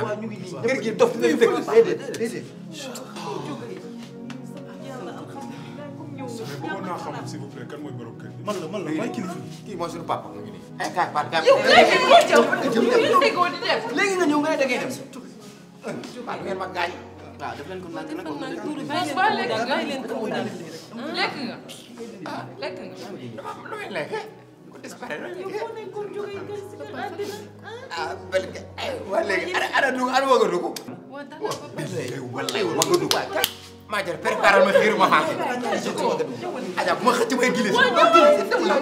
ne ñu ngi si vous gi un peu de temps. Je ne sais pas s'il vous plaît kan vous avez man la man la eh, sais papa peu ngi temps. Eh, ay ne sais pas si vous avez un peu de temps. Je ne si vous avez un peu de temps. Je ne sais pas si vous avez un peu si es un homme. Je ne